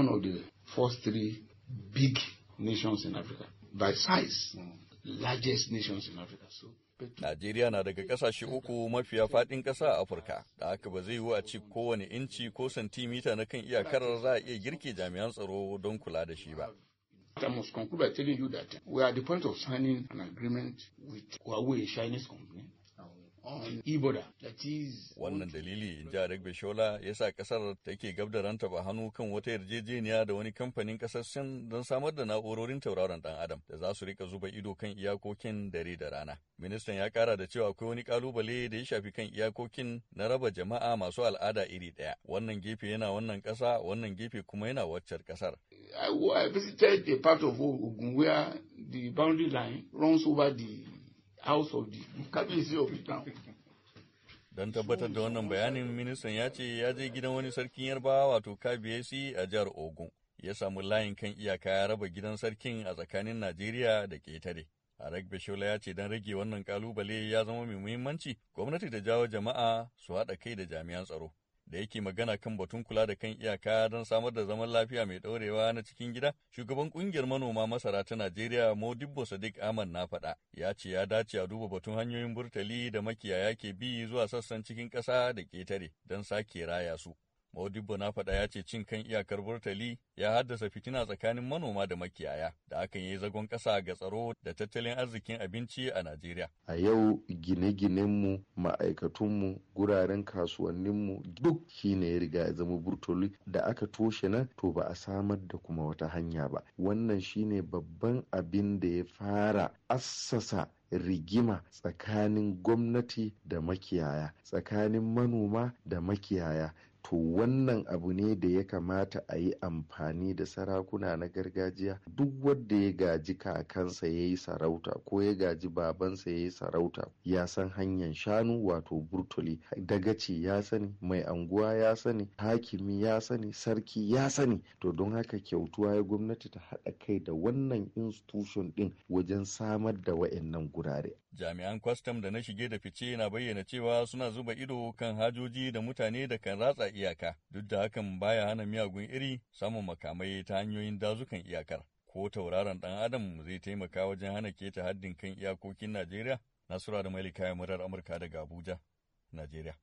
one of the first three big nations in Africa by size, largest nations in Africa. So, Najeriya na daga kasashe uku mafiya faɗin ƙasa a Afirka, da haka ba zai yiwu a ci kowane inci ko santimita na kan iyakarar za a iya girke jami'an tsaro don kula da shi ba. I must conclude by telling you that we are at the point of signing an agreement with Huawei Chinese company Wannan dalili, ja ji Shola, ya sa ƙasar take gab da ranta ba hannu kan wata yarjejeniya da wani kamfanin ƙasar Sin don samar da na'urorin tauraron ɗan Adam da za su rika zuba ido kan iyakokin dare da rana. Ministan ya ƙara da cewa akwai wani ƙalubale da ya shafi kan iyakokin na raba jama'a masu al'ada iri ɗaya. Wannan gefe yana wannan ƙasa, wannan gefe kuma yana waccar ƙasar. I visited a part of Ogun where the boundary line runs over the House of the Kabisi of the town. Don tabbatar da wannan bayanin ministan ya ce ya je gidan wani sarkin yarbawa wato kabiyesi a jihar Ogun. Ya samu layin kan iyaka ya raba gidan sarkin a tsakanin Najeriya da ƙetare. Arak Shola ya ce don rage wannan ƙalubale ya zama mai muhimmanci, gwamnati da jawo jama'a su haɗa kai da jami'an tsaro. da yake magana kan batun kula da kan iyaka don samar da zaman lafiya mai ɗorewa na cikin gida, shugaban ƙungiyar manoma masara ta Najeriya Modibbo Sadiq aman na faɗa ya ce ya dace a duba batun hanyoyin burtali da makiyaya ke bi zuwa sassan cikin ƙasa da ƙetare don sake raya su. Modibo na faɗa ya ce cin kan iyakar Burtali ya haddasa fitina tsakanin manoma da makiyaya da hakan ya yi zagon ƙasa ga tsaro da tattalin arzikin abinci a Najeriya. A yau gine-ginenmu, ma'aikatunmu, guraren kasuwanninmu duk shi ne ya riga ya zama Burtali da aka toshe nan to ba a samar da kuma wata hanya ba. Wannan shi ne babban abin da ya fara assasa rigima tsakanin gwamnati da makiyaya tsakanin manoma da makiyaya to wannan abu ne da ya kamata a yi amfani da sarakuna na gargajiya duk wanda ya gaji kakansa ya yi sarauta ko ya gaji babansa ya yi sarauta ya san hanyar shanu wato burtuli dagaci ya sani mai anguwa ya sani hakimi ya sani sarki ya sani to don haka kyautuwa ya gwamnati ta haɗa kai da wannan institution ɗin wajen samar da wa'annan gurare jami'an kwastam da na shige da fice na bayyana cewa suna zuba ido kan hajoji da mutane da kan ratsa iyaka, duk da hakan baya hana miyagun iri samun makamai ta hanyoyin dazukan iyakar. Ko tauraron ɗan Adam zai taimaka wajen hana keta haddin kan iyakokin Najeriya? Nasura da Malika ya murar Amurka daga Abuja, Najeriya.